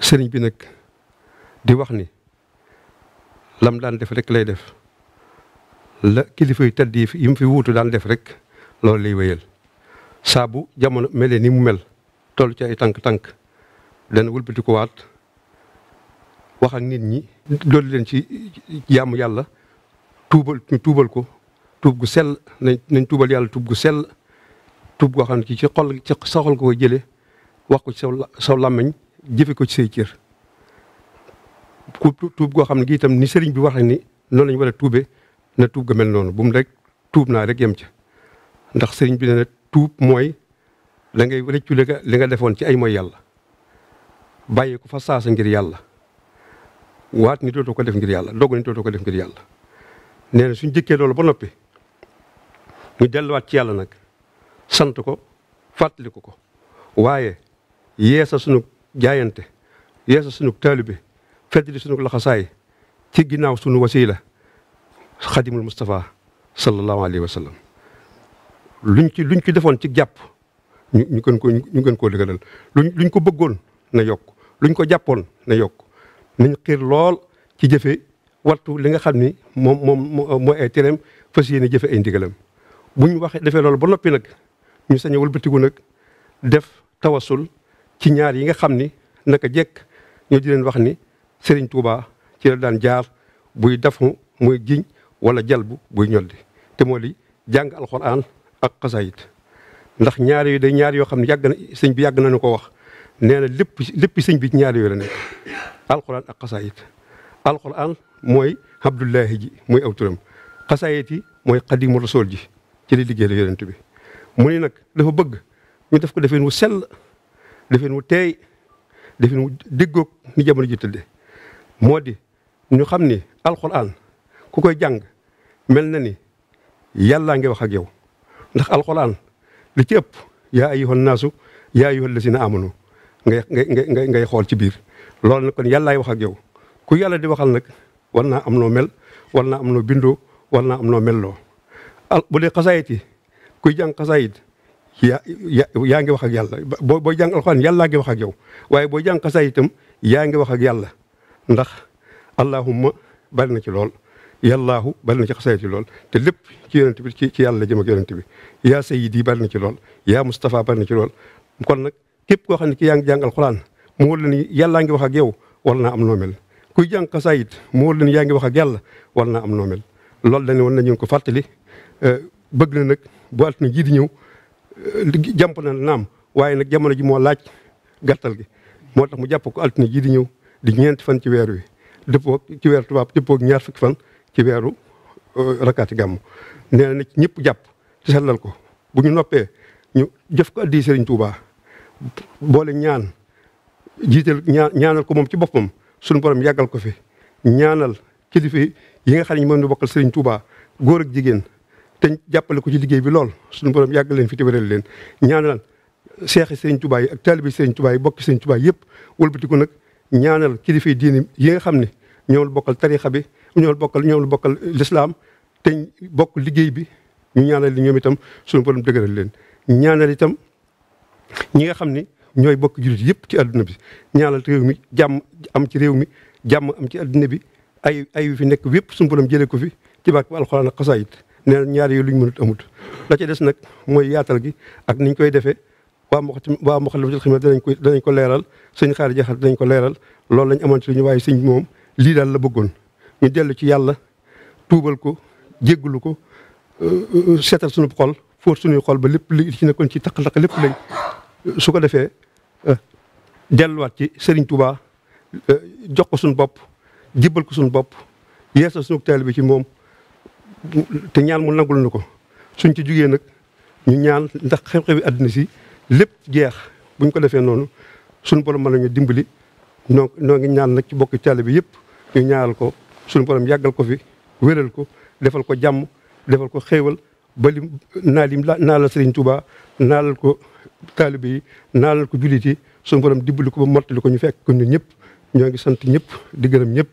sëriñ bi nag di wax ni lam daan def rek lay def la kilifa yu tedd yi mu fi wuutu daan def rek loolu lay wéyal saa bu jamono mele ni mu mel toll ci ay tànk-tànk dana wëlbati ko waat wax ak nit ñi dolli leen ci jaamu yàlla tuubal tuubal ko tuub gu sell nañ nañ tuubal yàlla tuub gu sell tuub goo xam ci xol ci ko jëlee wax ko saw saw jëfe ko ci say cër ku tuub goo xam ne gi itam ni sëriñ bi waxee ni noonu lañ war a tuube na tuub ga mel noonu bu mu rek tuub naa rek yem ca ndax sëriñ bi ne na tuub mooy da ngay rëccu li nga li nga defoon ci ay mooy yàlla bàyyi ko fa saasa ngir yàlla waat ni dootoo ko def ngir yàlla doog ni dootoo ko def ngir yàlla nee suñ jëkkee loolu ba noppi ñu delluwaat ci yàlla nag sant ko fàttaliku ko waaye yeesa sunu jaayante yeesa sunu taalibe feddali sunu laxasaay ci ginnaaw sunu wasiila xadimul Mustafa sallallahu alayhi wa sallam luñ ci luñ ci defoon ci jàpp ñu ñu gën ko ñu gën koo dëgëral luñ luñ ko bëggoon na yokk luñ ko jàppoon na yokk nañ xiir lool ci jëfe wattu li nga xam ni moom moom mooy ay tereem fas yéene jëfe ay ndigalam buñ waxee defee loolu ba noppi nag ñu sañ a wëlbatiku nag def tawasul ci ñaar yi nga xam ni naka jekk ñoo di leen wax ni sëriñ Touba ci la daan jaar buy daf muy jiñ wala jalbu buy ñolli te moo li jàng alxuraan ak xasaayit ndax ñaar yooyu day ñaar yoo xam ne yàgg na sëñ bi yàgg nañu ko wax nee na lépp lépp sëñ bi ci ñaar yooyu la nekk alxuraan ak xasaayit alxuraan mooy Abdullahi ji mooy aw turam xasaayit yi mooy xadimu rasool ji ci li liggéey la yonent bi mu ni nag dafa bëgg ñu def ko defeen wu sell defin wu teey defin wu diggoog ni jamono ji tëdde moo di ñu xam ni alxuraan ku koy jàng mel na ni yàllaa ngi wax ak yow ndax alxuraan li ci ëpp yaa ayyuhan naasu yaa ayyuhal lazina amanu ngay ngay ngay ngay xool ci biir loolu nag kon yàllaay wax ak yow ku yàlla di waxal nag war naa am noo mel war naa am noo bindoo war naa am noo mel loo bu dee xasaayit kuy jàng xasaayit yaa yaa ngi wax ak yàlla boo boo jàng alxuraan yàllaa ngi wax ak yow waaye boo jàng xasaay yaa ngi wax ak yàlla ndax allahumma bari na ci lool yàllaahu bari na ci xasaay ci lool te lépp ci yonent bi ci ci yàlla jëm ak yonent bi yaa sayyidi bari na ci lool yaa Mustafa bari na ci lool kon nag képp ko xam ne ki yaa ngi jàng alxuraan mu wóor la ni yàllaa ngi wax ak yow war naa am noo kuy jàng xasaay it mu wóor ni yaa ngi wax ak yàlla war naa am noo mel loolu dañu woon nañu ko fàttali eh, bëgg na nag bu altine jii di ñëw jàmp na naam waaye nag jamono ji moo laaj gàttal gi moo tax mu jàpp ko altine jii di ñëw di ñeenti fan ci weer wi dëppoo ci weer tubaab dëppoo ñaar fukki fan ci weeru euh, rakaati gàmm nee na ci ñëpp jàpp ci ko bu ñu noppee ñu jëf ko addi Serigne tuubaa boole ñaan jiital ñaanal ko moom ci boppam suñu borom yàggal ko fi ñaanal kilifi yi nga xam ne moom ñu bokkal Serigne tuubaa góor ak jigéen te jàppale ko ci liggéey bi lool suñu borom yàgg leen fi te leen ñaanal cheikh serigne touba yi ak talib serigne touba yi bokk serigne touba yëpp wëlbatiku nak ñaanal kilifa diine yi nga xamne ne bokkal tariixa bi ñoom bokkal ñoom bokkal l'islam te bokk liggéey bi ñu ñaanal li ñoom itam suñu borom dëgëral leen ñaanal itam ñi nga xamne ñoy bokk jullit yëpp ci aduna bi ñaanal réew mi jàmm am ci réew mi jàmm am ci aduna bi ay ay fi nek yëpp suñu borom jëlé ko fi ci bak alquran qasayit nee ñaari yu luñ mënut amut la ci des nag mooy yaatal gi ak niñ koy defee waa ma waa ma xalifatul xidma danañ ko danañ ko leeral sëñ xaari jaxat danañ ko leeral loolu lañ amoon ci lu ñu waaye sëñ moom lii daal la bëggoon ñu dellu ci yàlla tuubal ko jéggalu ko seetal suñu xol fóot suñuy xol ba lépp li ci nekkoon ci taq-taq lépp lañ su ko defee delluwaat ci Serigne Touba jox ko suñu bopp jibbal ko suñu bopp yeesal suñu teel bi ci moom te ñaan mu nangul na ko suñ ci jugee nag ñu ñaan ndax xew-xewi àddina si lépp jeex buñ ko defee noonu suñu borom mën nañu dimbali noo noo ngi ñaan nag ci bokki taalibe bi yëpp ñu ñaanal ko suñu borom yàggal ko fi wéral ko defal ko jàmm defal ko xéewal balim li naa lim naalal Sëriñ Tuubaa naalal ko taalibe yi naalal ko jullit yi suñu borom dimbali ko ba mottali ko ñu fekk ko ñun ñëpp ñoo ngi sant ñëpp di gërëm ñëpp